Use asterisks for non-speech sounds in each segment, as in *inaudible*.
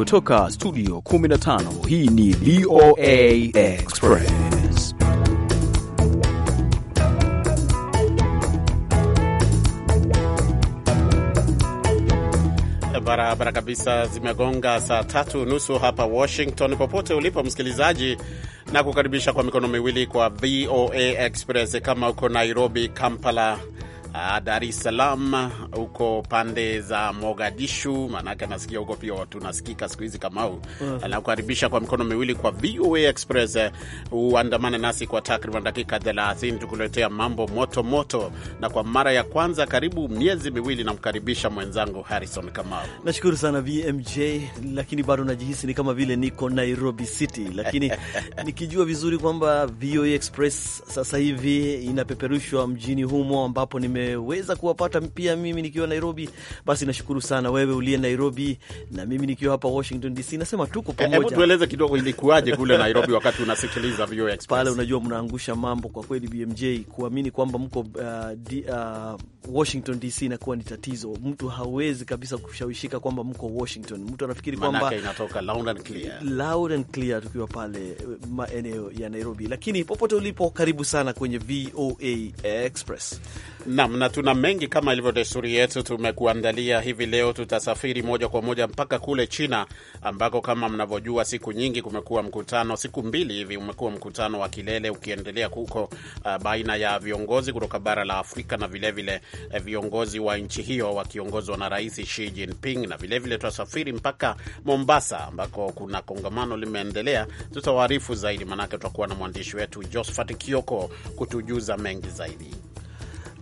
kutoka studio 15 hii ni VOA Express. Barabara kabisa, zimegonga saa tatu nusu hapa Washington. Popote ulipo msikilizaji, na kukaribisha kwa mikono miwili kwa VOA Express. Kama uko Nairobi, Kampala Ah, Dar es Salaam huko pande za Mogadishu, maanake nasikia huko pia tunasikika siku hizi Kamau. Uh, nakukaribisha kwa mikono miwili kwa VOA Express. Eh, uandamane nasi kwa takriban dakika 30 tukuletea mambo moto moto, na kwa mara ya kwanza karibu miezi miwili namkaribisha mwenzangu Harrison Kamau. Nashukuru sana VMJ, lakini bado najihisi ni kama vile niko Nairobi City, lakini *laughs* nikijua vizuri kwamba VOA Express sasa hivi inapeperushwa mjini humo ambapo nime nimeweza kuwapata pia mimi nikiwa Nairobi. Basi nashukuru sana wewe uliye Nairobi na mimi nikiwa hapa Washington DC, nasema tuko eh, pamoja. Hebu tueleze kidogo ilikuwaje kule Nairobi wakati unasikiliza VOA Express pale. Unajua mnaangusha mambo kwa kweli, BMJ kuamini kwamba mko uh, di, uh, Washington DC inakuwa ni tatizo. Mtu hawezi kabisa kushawishika kwamba mko Washington. Mtu anafikiri kwamba inatoka loud and clear, loud and clear tukiwa pale uh, maeneo ya Nairobi, lakini popote ulipo, karibu sana kwenye VOA Express. Nam, na tuna mengi kama ilivyo desturi yetu tumekuandalia hivi leo. Tutasafiri moja kwa moja mpaka kule China ambako kama mnavyojua, siku nyingi kumekuwa mkutano, siku mbili hivi umekuwa mkutano wa kilele ukiendelea huko, uh, baina ya viongozi kutoka bara la Afrika na vilevile vile, eh, viongozi wa nchi hiyo wakiongozwa na Rais Xi Jinping, na vilevile tutasafiri mpaka Mombasa ambako kuna kongamano limeendelea. Tutawaarifu zaidi, maanake tutakuwa na mwandishi wetu josphat Kioko kutujuza mengi zaidi.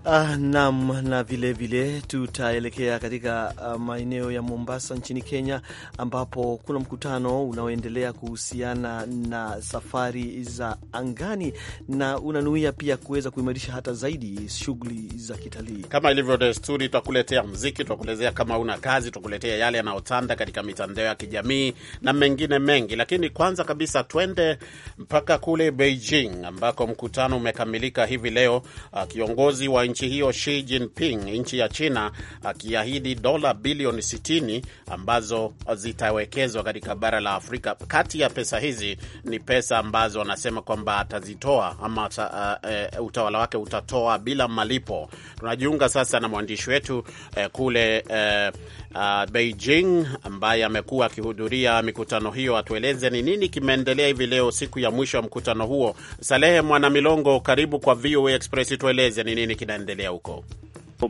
Ah, nam na vilevile tutaelekea katika ah, maeneo ya Mombasa nchini Kenya, ambapo kuna mkutano unaoendelea kuhusiana na safari za angani na unanuia pia kuweza kuimarisha hata zaidi shughuli za kitalii. Kama ilivyo desturi, tutakuletea mziki, tutakuletea kama una kazi, tutakuletea yale yanayotanda katika mitandao ya kijamii na mengine mengi, lakini kwanza kabisa twende mpaka kule Beijing ambako mkutano umekamilika hivi leo. Ah, kiongozi wa nchi hiyo Xi Jinping nchi ya China akiahidi dola bilioni 60 ambazo zitawekezwa katika bara la Afrika. Kati ya pesa hizi ni pesa ambazo anasema kwamba atazitoa ama ta, uh, eh, uh, eh, utawala wake utatoa bila malipo. Tunajiunga sasa na mwandishi wetu uh, kule uh, uh, Beijing ambaye amekuwa akihudhuria mikutano hiyo atueleze ni nini kimeendelea hivi leo, siku ya mwisho ya mkutano huo. Salehe Mwanamilongo, karibu kwa VOA Express, tueleze ni nini kinaendelea huko.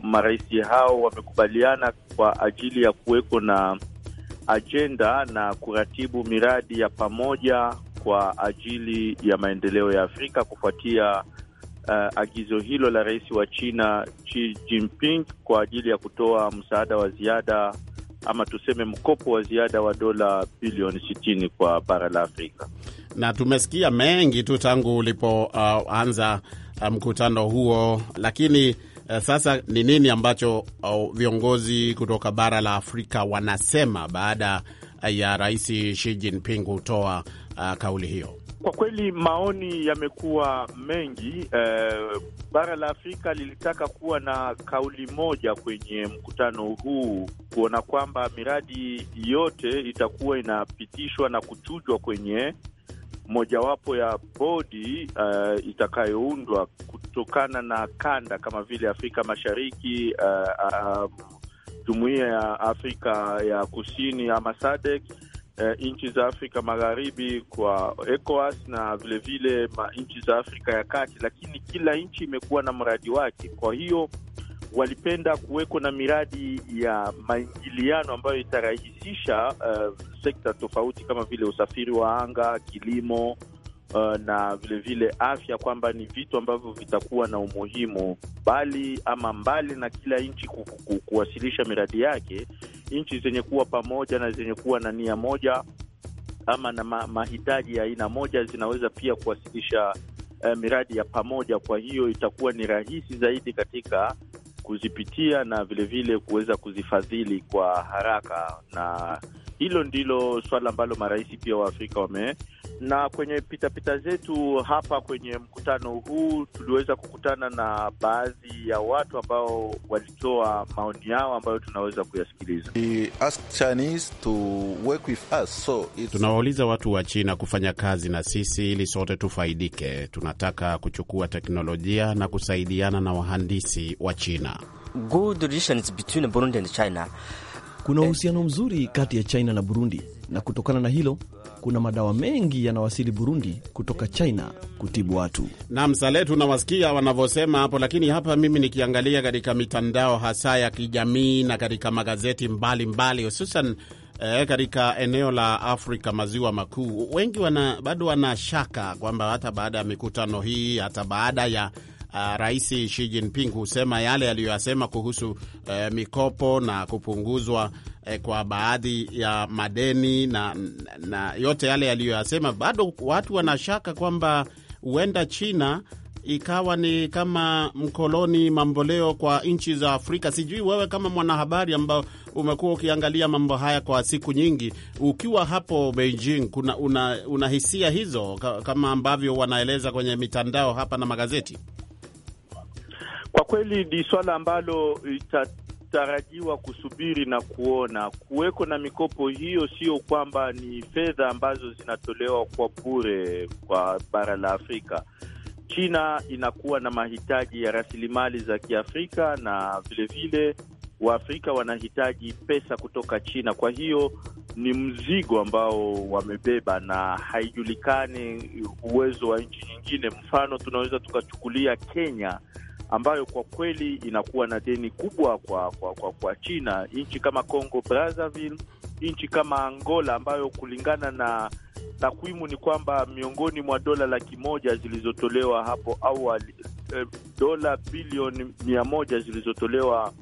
Marais hao wamekubaliana kwa ajili ya kuweko na ajenda na kuratibu miradi ya pamoja kwa ajili ya maendeleo ya Afrika kufuatia uh, agizo hilo la rais wa China Xi Jinping kwa ajili ya kutoa msaada wa ziada ama tuseme mkopo wa ziada wa dola bilioni 60 kwa bara la Afrika. Na tumesikia mengi tu tangu ulipoanza uh, uh, mkutano huo, lakini uh, sasa ni nini ambacho uh, viongozi kutoka bara la Afrika wanasema baada uh, ya rais Xi Jinping kutoa uh, kauli hiyo? Kwa kweli maoni yamekuwa mengi. Eh, bara la Afrika lilitaka kuwa na kauli moja kwenye mkutano huu kuona kwamba miradi yote itakuwa inapitishwa na kuchujwa kwenye mojawapo ya bodi uh, itakayoundwa kutokana na kanda kama vile Afrika Mashariki, uh, uh, ya Afrika ya Kusini ama SADC eh, nchi za Afrika Magharibi kwa ECOWAS na vilevile nchi za Afrika ya Kati, lakini kila nchi imekuwa na mradi wake. Kwa hiyo walipenda kuweko na miradi ya maingiliano ambayo itarahisisha uh, sekta tofauti kama vile usafiri wa anga, kilimo uh, na vilevile vile afya, kwamba ni vitu ambavyo vitakuwa na umuhimu bali ama mbali na kila nchi kuwasilisha miradi yake nchi zenye kuwa pamoja na zenye kuwa na nia moja ama na ma mahitaji ya aina moja zinaweza pia kuwasilisha eh, miradi ya pamoja. Kwa hiyo itakuwa ni rahisi zaidi katika kuzipitia na vilevile kuweza kuzifadhili kwa haraka, na hilo ndilo swala ambalo marais pia wa Afrika wame na kwenye pitapita pita zetu hapa kwenye mkutano huu tuliweza kukutana na baadhi ya watu ambao walitoa maoni yao ambayo tunaweza kuyasikiliza. So tunawauliza watu wa China kufanya kazi na sisi ili sote tufaidike. Tunataka kuchukua teknolojia na kusaidiana na wahandisi wa China. Good relations between Burundi and China. Kuna uhusiano mzuri kati ya China na Burundi, na kutokana na hilo kuna madawa mengi yanawasili Burundi kutoka China kutibu watu. Naam, Sale, tunawasikia wanavyosema hapo, lakini hapa mimi nikiangalia katika mitandao hasa ya kijamii na katika magazeti mbalimbali hususan E, katika eneo la Afrika maziwa makuu wengi wana, bado wana shaka kwamba hata baada ya mikutano hii hata baada ya uh, Rais Xi Jinping husema yale aliyoyasema kuhusu uh, mikopo na kupunguzwa eh, kwa baadhi ya madeni na, na yote yale yaliyoyasema, bado watu wanashaka kwamba huenda China ikawa ni kama mkoloni mamboleo kwa nchi za Afrika. Sijui wewe kama mwanahabari ambao umekuwa ukiangalia mambo haya kwa siku nyingi, ukiwa hapo Beijing, kuna una, una hisia hizo kama ambavyo wanaeleza kwenye mitandao hapa na magazeti? Kwa kweli ni swala ambalo itatarajiwa kusubiri na kuona. Kuweko na mikopo hiyo sio kwamba ni fedha ambazo zinatolewa kwa bure kwa bara la Afrika. China inakuwa na mahitaji ya rasilimali za Kiafrika na vilevile Waafrika wanahitaji pesa kutoka China. Kwa hiyo ni mzigo ambao wamebeba na haijulikani uwezo wa nchi nyingine. Mfano tunaweza tukachukulia Kenya ambayo kwa kweli inakuwa na deni kubwa kwa, kwa, kwa, kwa China. Nchi kama Congo Brazzaville, nchi kama Angola ambayo kulingana na takwimu ni kwamba miongoni mwa dola laki moja zilizotolewa hapo awali, eh, dola bilioni mia moja zilizotolewa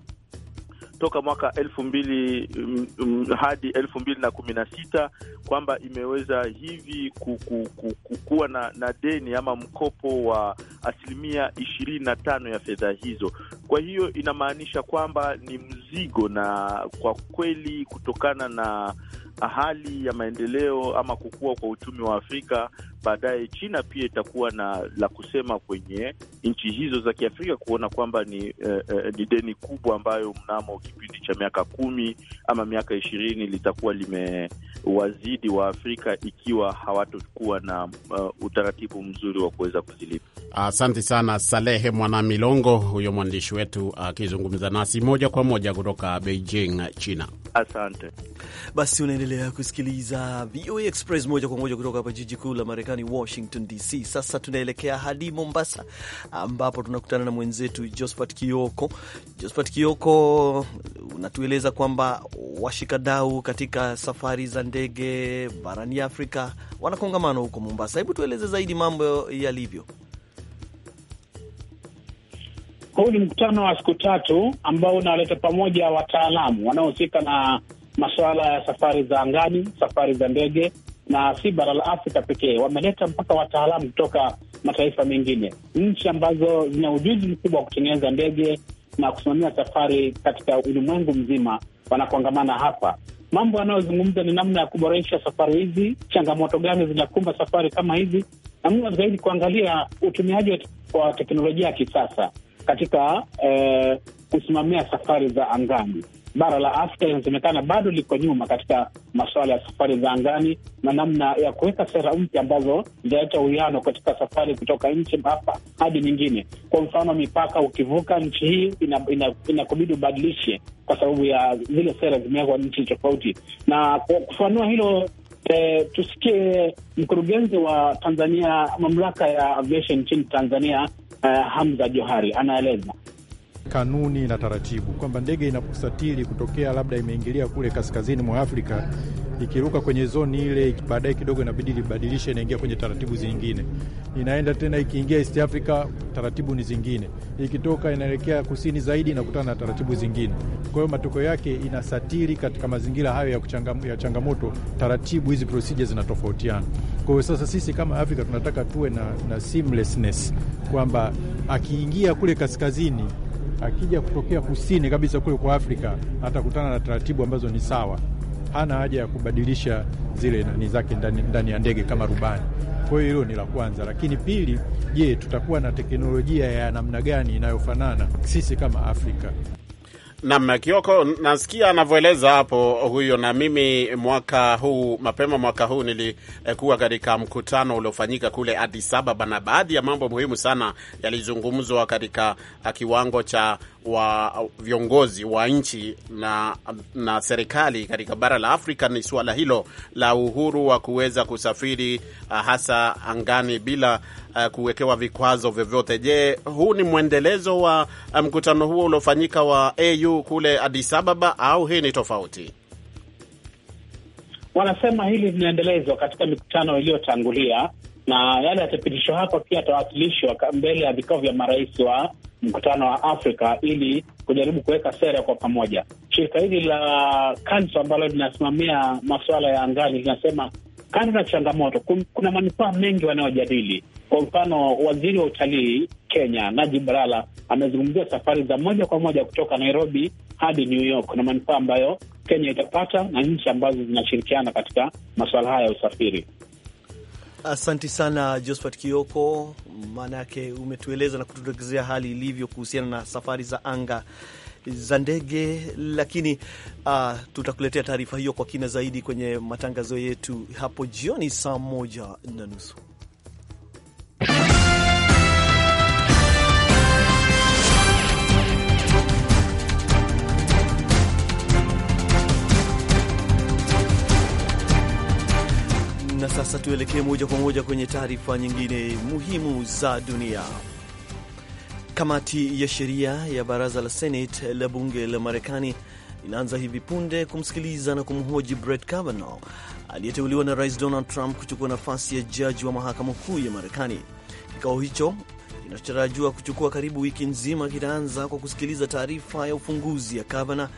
toka mwaka elfu mbili mm, mm, hadi elfu mbili na kumi na sita kwamba imeweza hivi kuwa na, na deni ama mkopo wa asilimia ishirini na tano ya fedha hizo. Kwa hiyo inamaanisha kwamba ni mzigo, na kwa kweli kutokana na hali ya maendeleo ama kukua kwa uchumi wa Afrika, baadaye China pia itakuwa na la kusema kwenye nchi hizo za Kiafrika kuona kwamba ni, eh, eh, ni deni kubwa ambayo mnamo kipindi cha miaka kumi ama miaka ishirini litakuwa limewazidi wa Afrika ikiwa hawatokuwa na uh, utaratibu mzuri wa kuweza kuzilipa. Asante sana Salehe Mwanamilongo, huyo mwandishi wetu akizungumza uh, nasi moja kwa moja kutoka Beijing, China. Asante. Basi unaendelea kusikiliza VOA Express moja kwa moja kutoka hapa jiji kuu la Marekani, Washington DC. Sasa tunaelekea hadi Mombasa, ambapo tunakutana na mwenzetu josphat Kioko. Josphat Kioko, unatueleza kwamba washikadau katika safari za ndege barani Afrika wana kongamano huko Mombasa. Hebu tueleze zaidi mambo yalivyo. Huu ni mkutano wa siku tatu ambao unawaleta pamoja wataalamu wanaohusika na masuala ya safari za angani, safari za ndege na si bara la Afrika pekee. Wameleta mpaka wataalamu kutoka mataifa mengine, nchi ambazo zina ujuzi mkubwa wa kutengeneza ndege na kusimamia safari katika ulimwengu mzima, wanakongamana hapa. Mambo yanayozungumza ni namna ya kuboresha safari hizi, changamoto gani zinakumba safari kama hizi, na zaidi kuangalia utumiaji wa teknolojia ya kisasa katika eh, kusimamia safari za angani. Bara la Afrika linasemekana bado liko nyuma katika masuala ya safari za angani na namna ya kuweka sera mpya ambazo zinaleta uwiano katika safari kutoka nchi hapa hadi nyingine. Kwa mfano, mipaka ukivuka nchi hii inakubidi ina, ina ubadilishe kwa sababu ya zile sera zimewekwa nchi tofauti. Na kufanua hilo E, tusikie mkurugenzi wa Tanzania, mamlaka ya aviation nchini Tanzania uh, Hamza Johari anaeleza kanuni na taratibu, kwamba ndege inaposatiri kutokea labda imeingilia kule kaskazini mwa Afrika ikiruka kwenye zoni ile, baadaye kidogo inabidi ibadilishe inaingia kwenye taratibu zingine, inaenda tena. Ikiingia East Africa, taratibu ni zingine. Ikitoka inaelekea kusini zaidi, inakutana na taratibu zingine. Kwa hiyo matokeo yake inasatiri katika mazingira hayo ya, kuchangam, ya changamoto, taratibu hizi procedure zinatofautiana. Kwa hiyo sasa sisi kama Afrika tunataka tuwe na, na seamlessness kwamba akiingia kule kaskazini akija kutokea kusini kabisa kule kwa Afrika atakutana na taratibu ambazo ni sawa. Hana haja ya kubadilisha zile nani zake ndani, ndani ya ndege kama rubani. Kwa hiyo hilo ni la kwanza, lakini pili, je, tutakuwa na teknolojia ya namna gani inayofanana sisi kama Afrika? Nam Kioko, nasikia anavyoeleza hapo huyo. Na mimi mwaka huu mapema mwaka huu nilikuwa katika mkutano uliofanyika kule Addis Ababa, na baadhi ya mambo muhimu sana yalizungumzwa katika kiwango cha wa viongozi wa nchi na, na serikali katika bara la Afrika ni suala hilo la uhuru wa kuweza kusafiri uh, hasa angani bila uh, kuwekewa vikwazo vyovyote. Je, huu ni mwendelezo wa uh, mkutano huo uliofanyika wa AU kule Addis Ababa au hii ni tofauti? Wanasema hili linaendelezwa katika mikutano iliyotangulia na yale yatapitishwa hapa pia yatawakilishwa mbele ya vikao vya marais wa mkutano wa Afrika ili kujaribu kuweka sera kwa pamoja. Shirika hili la Kanso ambalo linasimamia masuala ya angani linasema kando na changamoto, kuna manufaa mengi wanayojadili. Kwa mfano, waziri wa utalii Kenya Najib Balala amezungumzia safari za moja kwa moja kutoka Nairobi hadi New York na manufaa ambayo Kenya itapata na nchi ambazo zinashirikiana katika masuala haya ya usafiri. Asanti sana Josphat Kioko, maana yake umetueleza na kututokezea hali ilivyo kuhusiana na safari za anga za ndege, lakini uh, tutakuletea taarifa hiyo kwa kina zaidi kwenye matangazo yetu hapo jioni saa moja na nusu. sasa tuelekee moja kwa moja kwenye taarifa nyingine muhimu za dunia. Kamati ya sheria ya baraza la Senate la bunge la Marekani inaanza hivi punde kumsikiliza na kumhoji Brett Kavanaugh aliyeteuliwa na Rais Donald Trump kuchukua nafasi ya jaji wa mahakama kuu ya Marekani. Kikao hicho kinachotarajiwa kuchukua karibu wiki nzima kitaanza kwa kusikiliza taarifa ya ufunguzi ya gavana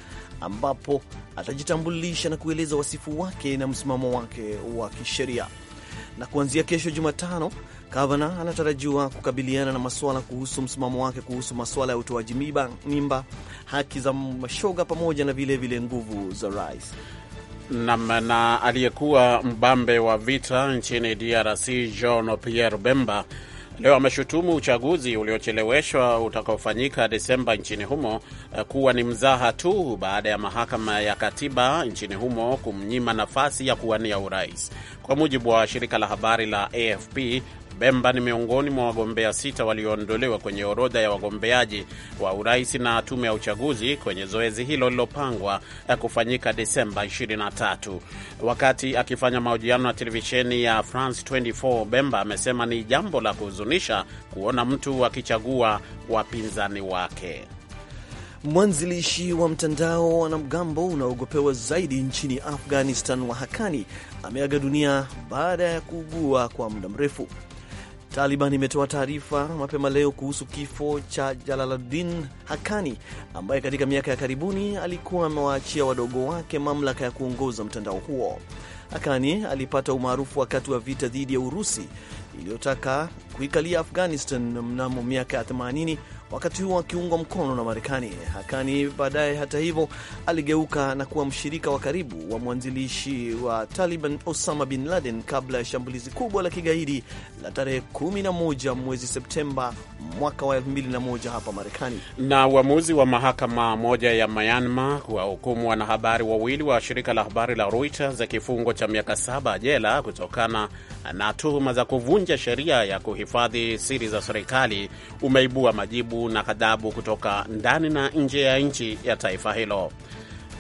ambapo atajitambulisha na kueleza wasifu wake na msimamo wake wa kisheria. Na kuanzia kesho Jumatano, gavana anatarajiwa kukabiliana na maswala kuhusu msimamo wake kuhusu maswala ya utoaji mimba, haki za mashoga, pamoja na vilevile vile nguvu za rais na, na aliyekuwa mbambe wa vita nchini DRC Jean Pierre Bemba leo ameshutumu uchaguzi uliocheleweshwa utakaofanyika Desemba nchini humo eh, kuwa ni mzaha tu baada ya mahakama ya katiba nchini humo kumnyima nafasi ya kuwania urais. Kwa mujibu wa shirika la habari la AFP, Bemba ni miongoni mwa wagombea sita walioondolewa kwenye orodha ya wagombeaji wa urais na tume ya uchaguzi kwenye zoezi hilo lilopangwa kufanyika Desemba 23. Wakati akifanya mahojiano na televisheni ya France 24, Bemba amesema ni jambo la kuhuzunisha kuona mtu akichagua wapinzani wake. Mwanzilishi wa mtandao wa wanamgambo unaogopewa zaidi nchini Afghanistan wa Hakani ameaga dunia baada ya kuugua kwa muda mrefu. Taliban imetoa taarifa mapema leo kuhusu kifo cha Jalaluddin Hakani ambaye katika miaka ya karibuni alikuwa amewaachia wadogo wake mamlaka ya kuongoza mtandao huo. Hakani alipata umaarufu wakati wa vita dhidi ya Urusi iliyotaka kuikalia Afghanistan mnamo miaka ya 80 wakati huo akiungwa mkono na Marekani. Hakani baadaye, hata hivyo, aligeuka na kuwa mshirika wa karibu wa mwanzilishi wa Taliban Osama bin Laden kabla ya shambulizi kubwa la kigaidi la tarehe 11 mwezi Septemba mwaka wa 2001 hapa Marekani. Na uamuzi wa mahakama moja ya Myanmar kuwahukumu wanahabari wawili wa shirika la habari la Reuters kifungo cha miaka saba jela kutokana na tuhuma za kuvunja sheria ya kuhifadhi siri za serikali umeibua majibu hofu na ghadhabu kutoka ndani na nje ya nchi ya taifa hilo,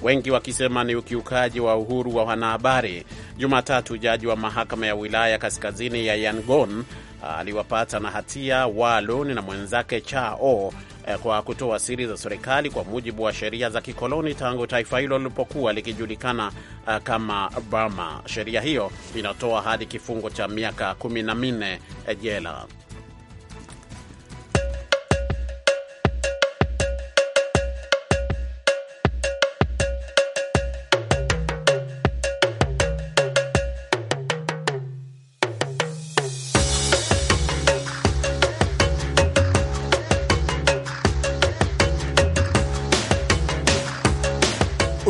wengi wakisema ni ukiukaji wa uhuru wa wanahabari. Jumatatu, jaji wa mahakama ya wilaya kaskazini ya Yangon ah, aliwapata na hatia Walun na mwenzake Chao eh, kwa kutoa siri za serikali kwa mujibu wa sheria za kikoloni tangu taifa hilo lilipokuwa likijulikana ah, kama Burma. Sheria hiyo inatoa hadi kifungo cha miaka kumi na minne eh, jela.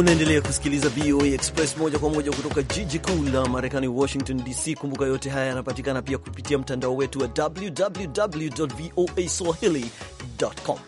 Unaendelea kusikiliza VOA Express moja kwa moja kutoka jiji kuu la Marekani, Washington DC. Kumbuka yote haya yanapatikana pia kupitia mtandao wetu wa www voa swahili com.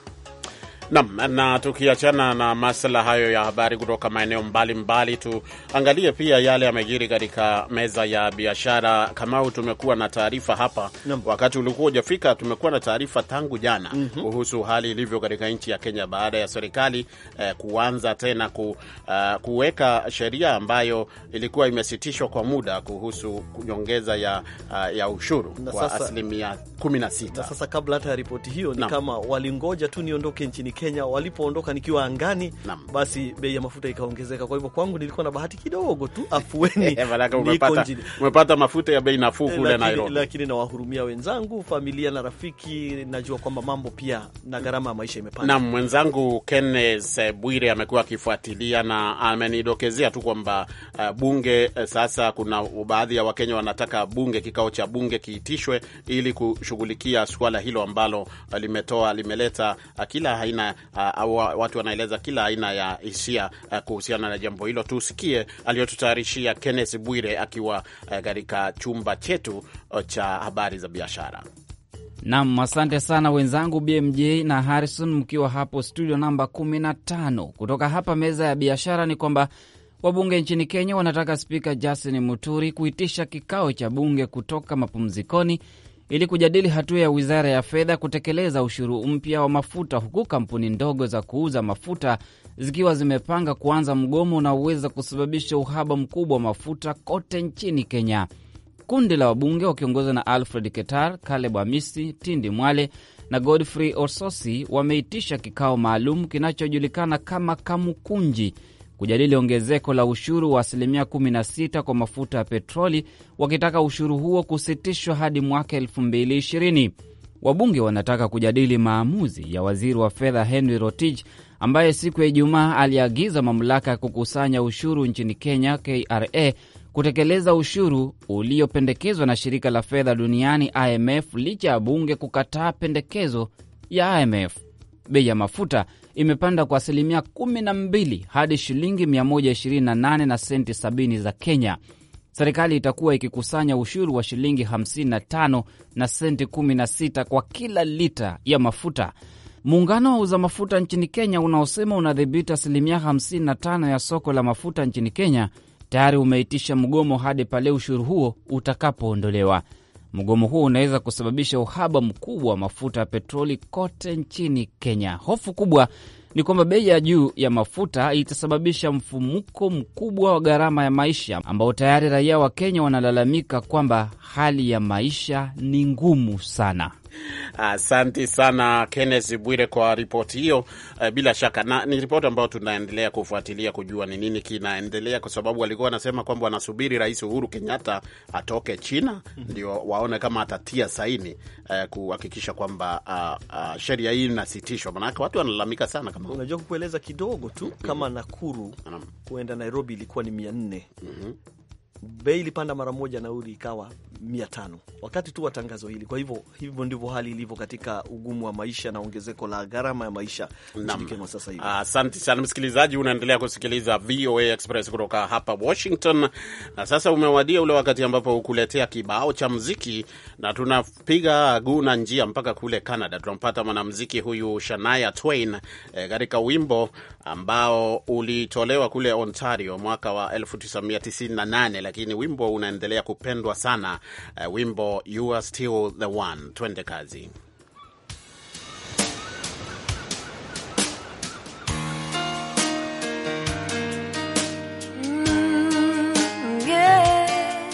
Naam, na tukiachana na masuala hayo ya habari kutoka maeneo mbalimbali, tuangalie pia yale yamejiri katika meza ya biashara. Kamau, tumekuwa na taarifa hapa Nam. wakati ulikuwa hujafika, tumekuwa na taarifa tangu jana mm -hmm. kuhusu hali ilivyo katika nchi ya Kenya baada ya serikali eh, kuanza tena ku, uh, kuweka sheria ambayo ilikuwa imesitishwa kwa muda kuhusu nyongeza ya, uh, ya ushuru na kwa asilimia 16. Na sasa kabla hata ya ripoti hiyo ni Nam. kama walingoja tu niondoke nchini Kenya walipoondoka nikiwa angani basi bei ya mafuta ikaongezeka. Kwa hivyo kwangu nilikuwa na bahati kidogo tu afueni *laughs* eh, umepata mafuta ya bei nafuu eh, kule Nairobi, lakini nawahurumia wenzangu, familia na rafiki. Najua kwamba mambo pia na gharama ya maisha imepanda. Naam, mwenzangu Kenneth Bwire amekuwa akifuatilia na amenidokezea tu kwamba uh, bunge sasa, kuna baadhi ya Wakenya wanataka bunge, kikao cha bunge kiitishwe ili kushughulikia suala hilo ambalo limetoa limeleta kila aina Eh, au uh, watu wanaeleza kila aina ya hisia uh, kuhusiana na jambo hilo. Tusikie aliyotutayarishia Kenneth Bwire akiwa eh, katika chumba chetu cha habari za biashara. Nam, asante sana wenzangu BMJ na Harrison, mkiwa hapo studio namba 15. Kutoka hapa meza ya biashara ni kwamba wabunge nchini Kenya wanataka Spika Justin Muturi kuitisha kikao cha bunge kutoka mapumzikoni ili kujadili hatua ya wizara ya fedha kutekeleza ushuru mpya wa mafuta, huku kampuni ndogo za kuuza mafuta zikiwa zimepanga kuanza mgomo unaoweza kusababisha uhaba mkubwa wa mafuta kote nchini Kenya. Kundi la wabunge wakiongozwa na Alfred Ketar, Caleb Amisi, Tindi Mwale na Godfrey Ososi wameitisha kikao maalum kinachojulikana kama Kamukunji kujadili ongezeko la ushuru wa asilimia 16 kwa mafuta ya petroli, wakitaka ushuru huo kusitishwa hadi mwaka 2020. Wabunge wanataka kujadili maamuzi ya waziri wa fedha Henry Rotich ambaye siku ya Ijumaa aliagiza mamlaka ya kukusanya ushuru nchini Kenya KRA kutekeleza ushuru uliopendekezwa na shirika la fedha duniani IMF licha ya bunge kukataa pendekezo ya IMF. Bei ya mafuta imepanda kwa asilimia 12 hadi shilingi 128 na senti 70 za Kenya. Serikali itakuwa ikikusanya ushuru wa shilingi 55 na senti 16 kwa kila lita ya mafuta. Muungano wa uza mafuta nchini Kenya unaosema unadhibiti asilimia 55 ya soko la mafuta nchini Kenya tayari umeitisha mgomo hadi pale ushuru huo utakapoondolewa. Mgomo huu unaweza kusababisha uhaba mkubwa wa mafuta ya petroli kote nchini Kenya. Hofu kubwa ni kwamba bei ya juu ya mafuta itasababisha mfumuko mkubwa wa gharama ya maisha ambao tayari raia wa Kenya wanalalamika kwamba hali ya maisha ni ngumu sana. Asante sana Kenneth Bwire kwa ripoti hiyo. Eh, bila shaka na, ni ripoti ambayo tunaendelea kufuatilia kujua ni nini kinaendelea, kwa sababu walikuwa wanasema kwamba wanasubiri Rais Uhuru Kenyatta atoke China ndio waone kama atatia saini uh, kuhakikisha kwamba uh, uh, sheria hii inasitishwa, maanake watu wanalalamika sana. Kama unajua kukueleza kidogo tu kama mm-hmm. Nakuru kuenda Nairobi ilikuwa ni mia nne mm-hmm bei ilipanda mara moja, nauli ikawa mia tano wakati tu wa tangazo hili. Kwa hivyo hivyo ndivyo hali ilivyo katika ugumu wa maisha na ongezeko la gharama ya maisha nchini Kenya sasa hivi. Asante uh, sana msikilizaji, unaendelea kusikiliza VOA Express kutoka hapa Washington, na sasa umewadia ule wakati ambapo hukuletea kibao cha mziki na tunapiga guu na njia mpaka kule Canada. Tunampata mwanamziki huyu Shania Twain eh, katika wimbo ambao ulitolewa kule Ontario mwaka wa 1998 lakini wimbo unaendelea kupendwa sana uh, wimbo you are still the one. Twende kazi. Mm, yeah.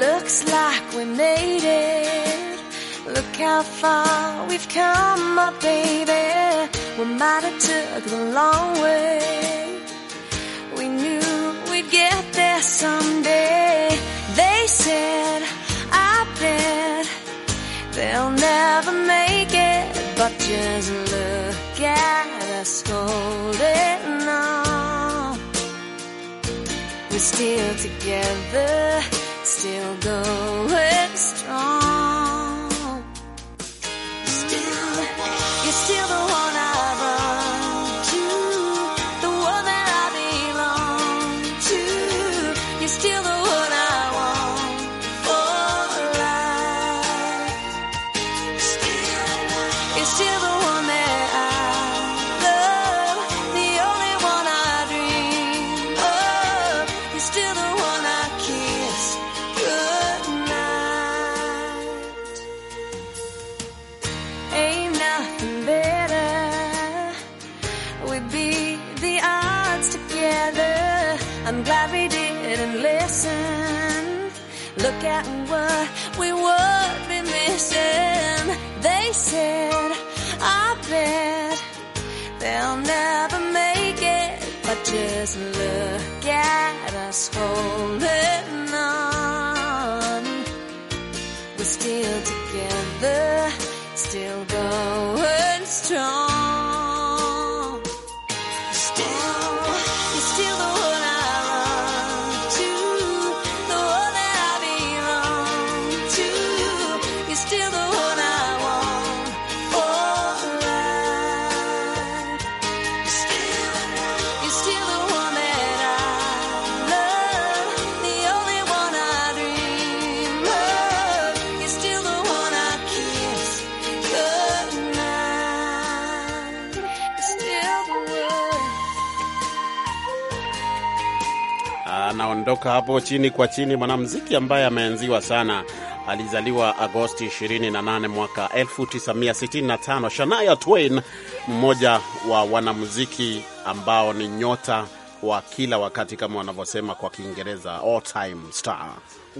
Looks like we made it. Look how far we've come, my baby. We might have took the long way get there someday. They said, I bet they'll never make it, but just look at us holding on. We're still together, still going strong. strong. kutoka hapo chini kwa chini, mwanamuziki ambaye ameanziwa sana. Alizaliwa Agosti 28 mwaka 1965. Shania Twain, mmoja wa wanamuziki ambao ni nyota wa kila wakati kama wanavyosema kwa Kiingereza all time star.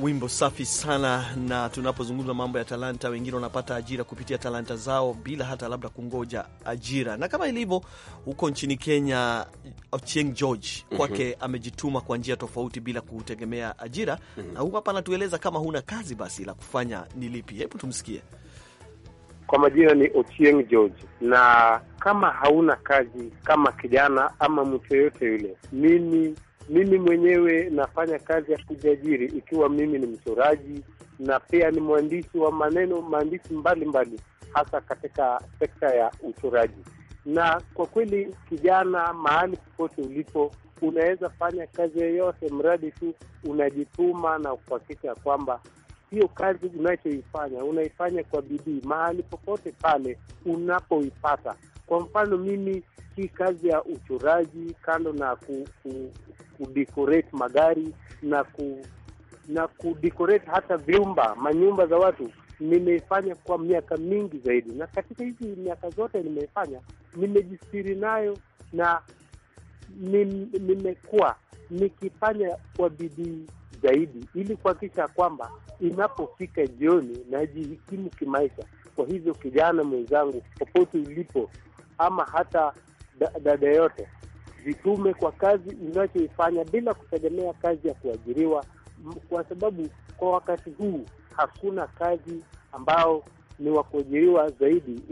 Wimbo safi sana, na tunapozungumza mambo ya talanta, wengine wanapata ajira kupitia talanta zao bila hata labda kungoja ajira, na kama ilivyo huko nchini Kenya, Ochieng George mhm. kwake mm -hmm. amejituma kwa njia tofauti bila kutegemea ajira mm -hmm. na huku hapa anatueleza kama huna kazi basi la kufanya ni lipi? Hebu tumsikie. Kwa majina ni Ochieng George na kama hauna kazi kama kijana ama mtu yoyote yule, mimi mimi mwenyewe nafanya kazi ya kujiajiri, ikiwa mimi ni mchoraji na pia ni mwandishi wa maneno, maandishi mbalimbali, hasa katika sekta ya uchoraji. Na kwa kweli, kijana, mahali popote ulipo, unaweza fanya kazi yoyote, mradi tu unajituma na kuhakikisha kwamba hiyo kazi unachoifanya unaifanya kwa bidii, mahali popote pale unapoipata kwa mfano mimi, hii kazi ya uchoraji, kando na ku, ku, kudecorate magari na ku, na kudecorate hata vyumba manyumba za watu nimeifanya kwa miaka mingi zaidi, na katika hizi miaka zote nimeifanya, nimejisiri nayo na nimekuwa nikifanya kwa bidii zaidi ili kuhakikisha kwamba inapofika jioni najihikimu kimaisha. Kwa hivyo kijana mwenzangu, popote ulipo, ama hata dada yote, jitume kwa kazi inachoifanya bila kutegemea kazi ya kuajiriwa, kwa sababu kwa wakati huu hakuna kazi ambao ni wa kuajiriwa zaidi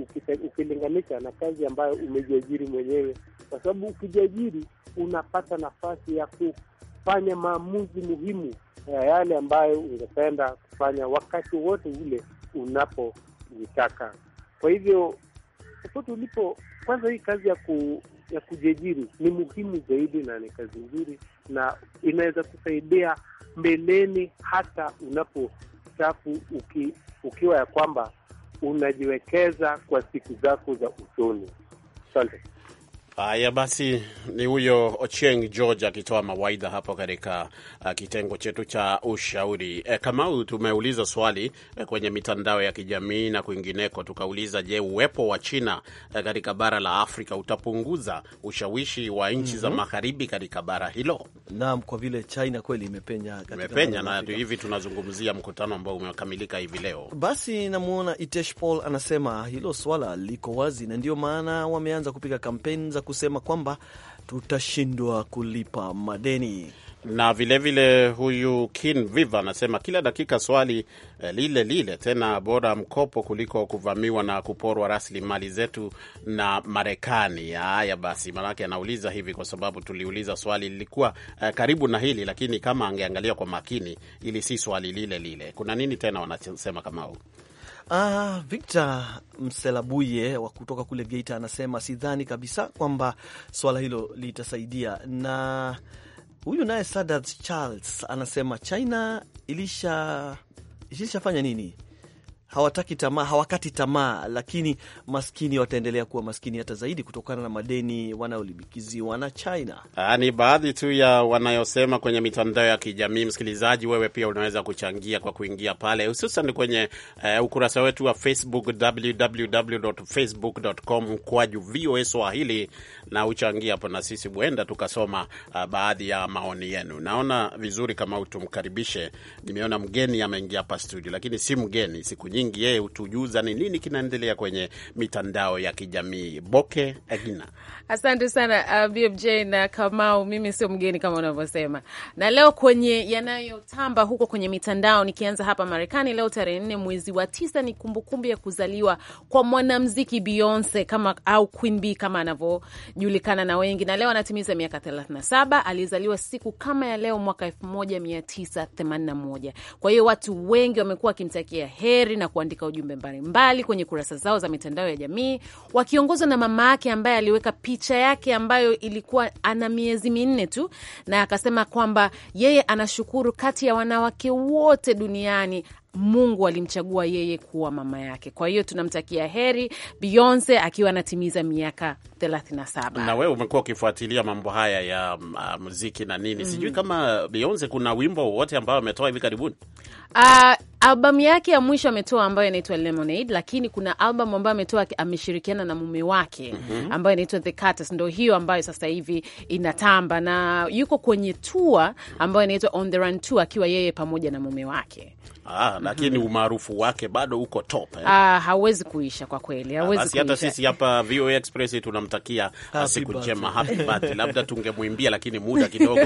ukilinganisha na kazi ambayo umejiajiri mwenyewe, kwa sababu ukijiajiri unapata nafasi ya kufanya maamuzi muhimu ya yale ambayo ungependa kufanya wakati wote ule unapojitaka. Kwa hivyo popote ulipo, kwanza hii kazi ya ku, ya kujiajiri ni muhimu zaidi na ni kazi nzuri na inaweza kusaidia mbeleni, hata unapostaafu uki, ukiwa ya kwamba unajiwekeza kwa siku zako za usoni. Asante. Haya basi, ni huyo Ochieng George akitoa mawaidha hapo katika uh, kitengo chetu cha ushauri. E, Kamau, tumeuliza swali e, kwenye mitandao ya kijamii na kwingineko, tukauliza je, uwepo wa China e, katika bara la Afrika utapunguza ushawishi wa nchi mm -hmm. za mhm. magharibi katika bara hilo? Naam, kwa vile China kweli imepenya katika imepenya, na hivi tunazungumzia mkutano ambao umekamilika hivi leo. Basi namwona Itesh Paul anasema hilo swala liko wazi, na ndio maana wameanza kupiga kampeni za kusema kwamba tutashindwa kulipa madeni na vilevile vile huyu Kin Viva anasema kila dakika swali eh, lile lile tena, bora mkopo kuliko kuvamiwa na kuporwa rasilimali zetu na Marekani. Haya basi, maanake anauliza hivi kwa sababu tuliuliza swali lilikuwa eh, karibu na hili, lakini kama angeangalia kwa makini, ili si swali lile lile. Kuna nini tena wanasema kama huu Ah, Victor Mselabuye wa kutoka kule Geita anasema sidhani kabisa kwamba swala hilo litasaidia. Na huyu naye Sadat Charles anasema China ilishafanya ilisha nini hawataki tamaa, hawakati tamaa, lakini maskini wataendelea kuwa maskini hata zaidi kutokana na madeni wanayolimbikiziwa na China. Aa, ah, ni baadhi tu ya wanayosema kwenye mitandao ya kijamii. Msikilizaji, wewe pia unaweza kuchangia kwa kuingia pale, hususan kwenye uh, ukurasa wetu wa Facebook, www.facebook.com kwaju VOA Swahili, na uchangie hapo, na sisi huenda tukasoma uh, baadhi ya maoni yenu. Naona vizuri kama utumkaribishe. Nimeona mgeni ameingia hapa studio, lakini si mgeni siku nyingi nyingi, yeye hutujuza ni nini kinaendelea kwenye mitandao ya kijamii. Boke Agina, asante sana uh, BMJ na Kamau. Mimi sio mgeni kama unavyosema, na leo kwenye yanayotamba huko kwenye mitandao, nikianza hapa Marekani leo tarehe nne mwezi wa tisa ni kumbukumbu ya kuzaliwa kwa mwanamziki Beyonce kama au Queen B kama anavyojulikana na wengi, na leo anatimiza miaka 37. Alizaliwa siku kama ya leo mwaka 1981. Kwa hiyo watu wengi wamekuwa wakimtakia heri na kuandika ujumbe mbalimbali kwenye kurasa zao za mitandao ya jamii, wakiongozwa na mama yake ambaye aliweka picha yake ambayo ilikuwa ana miezi minne tu, na akasema kwamba yeye anashukuru kati ya wanawake wote duniani Mungu alimchagua yeye kuwa mama yake. Kwa hiyo tunamtakia heri Beyonce akiwa anatimiza miaka 37. Na wewe umekuwa ukifuatilia mambo haya ya um, uh, muziki na nini, mm -hmm. Sijui kama Beyonce kuna wimbo wowote ambao ametoa hivi karibuni uh, albamu yake ya mwisho ametoa ambayo inaitwa Lemonade, lakini kuna albamu ambayo ametoa ameshirikiana na mume wake mm -hmm. ambayo inaitwa The Carters, ndo hiyo ambayo sasa hivi inatamba na yuko kwenye tour ambayo inaitwa On the Run Tour, akiwa yeye pamoja na mume wake. Ah, lakini mm -hmm. Umaarufu wake bado uko top eh? Ah, hauwezi kuisha kwa kweli, hauwezi kuisha. Hata sisi hapa VOA Express tunamtakia siku njema, happy *laughs* birthday. Labda tungemwimbia lakini muda kidogo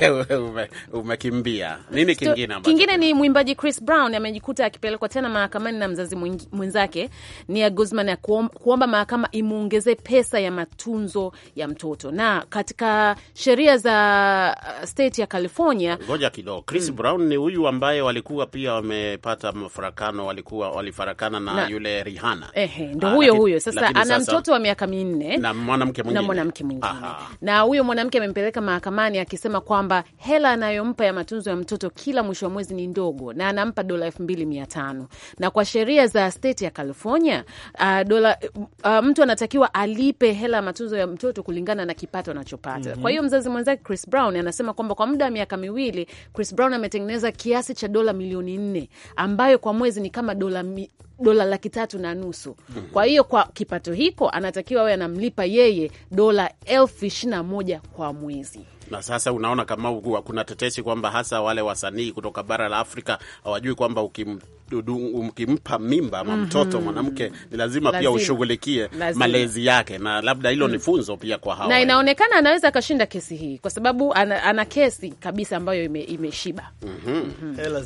*laughs* *laughs* umekimbia. Nini kingine ambacho kingine ni mwimbaji Chris Brown amejikuta akipelekwa tena mahakamani na mzazi mwenzake Nia Guzman ya kuomba mahakama imuongeze pesa ya matunzo ya mtoto, na katika sheria za uh, state ya California. Ngoja kidogo, Chris mm. Brown ni huyu ambaye walikuwa pia wamepata mfarakano, walikuwa walifarakana na, na yule Rihanna. Ehe, ndo ah, huyo huyo. Sasa ana mtoto wa miaka minne na mwanamke mwingine na mwanamke mwingine, na huyo mwanamke amempeleka mahakamani akisema kwamba hela anayompa ya matunzo ya mtoto kila mwisho wa mwezi ni ndogo, na anampa dola elfu mbili mia tano na kwa sheria za state ya California uh, dola uh, mtu anatakiwa alipe hela ya matunzo ya mtoto kulingana na kipato anachopata. mm -hmm. Kwa hiyo mzazi mwenzake Chris Brown anasema kwamba kwa muda wa miaka miwili Chris Brown ametengeneza kiasi cha dola milioni nne ambayo kwa mwezi ni kama dola mi dola laki tatu na nusu. Kwa hiyo kwa kipato hiko anatakiwa awe anamlipa yeye dola elfu ishirini na moja kwa mwezi. Na sasa unaona kama kuna tetesi kwamba hasa wale wasanii kutoka bara la Afrika hawajui kwamba ukim ukimpa mimba ama mhm. mtoto mwanamke mm -hmm. ni lazima, lazima pia ushughulikie malezi yake, na labda hilo mm. ni funzo pia kwa hawa, na inaonekana anaweza akashinda kesi hii kwa sababu ana, ana kesi kabisa ambayo imeshiba ime mm -hmm. mm -hmm. hela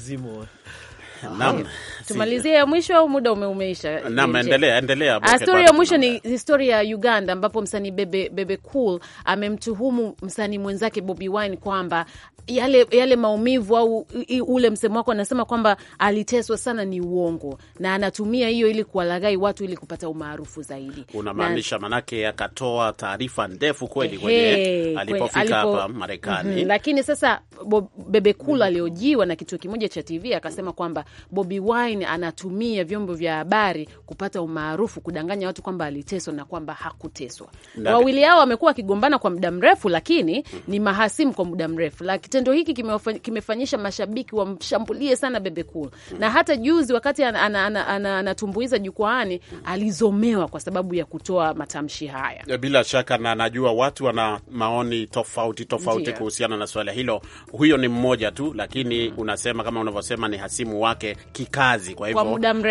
Naam, tumalizie ya mwisho au muda ume umeisha? Naam, endelea endelea. Ah, story ya mwisho ni historia ya Uganda ambapo msanii Bebe, Bebe Cool amemtuhumu msanii mwenzake Bobby Wine kwamba yale yale maumivu au ule msemo wako, anasema kwamba aliteswa sana, ni uongo, na anatumia hiyo ili kuwalaghai watu ili kupata umaarufu zaidi. Unamaanisha manake akatoa taarifa ndefu kweli kwenye eh? alipofika hapa mhm. Marekani. Lakini sasa Bebe Cool aliojiwa na kituo kimoja cha TV akasema kwamba Bobi Wine anatumia vyombo vya habari kupata umaarufu, kudanganya watu kwamba aliteswa na kwamba hakuteswa. Wawili hao wamekuwa wakigombana kwa muda mrefu, lakini ni mahasimu kwa muda mrefu. La, kitendo hiki kimefanyisha mashabiki wamshambulie sana Bebe Cool, na hata juzi wakati anatumbuiza ana, ana, ana, ana jukwaani alizomewa kwa sababu ya kutoa matamshi haya. Bila shaka na najua watu wana maoni tofauti tofauti kuhusiana na swala hilo. Huyo ni mmoja tu, lakini mm. unasema kama unavyosema ni hasimu wake yake kikazi, kwa hivyo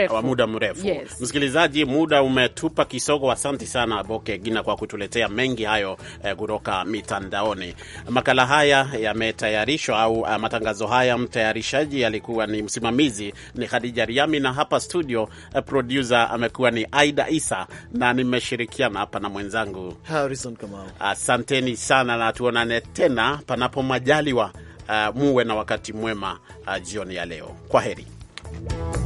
kwa muda mrefu. Yes. Msikilizaji, muda umetupa kisogo. Asante sana Boke Gina kwa kutuletea mengi hayo eh, kutoka eh, mitandaoni. Makala haya yametayarishwa au uh, matangazo haya mtayarishaji alikuwa ni msimamizi ni Khadija Riami, na hapa studio eh, producer amekuwa ni Aida Isa na nimeshirikiana hapa na mwenzangu Harrison Kamau. Asanteni sana na tuonane tena panapo majaliwa. Uh, muwe na wakati mwema uh, jioni ya leo. Kwa heri. Bye.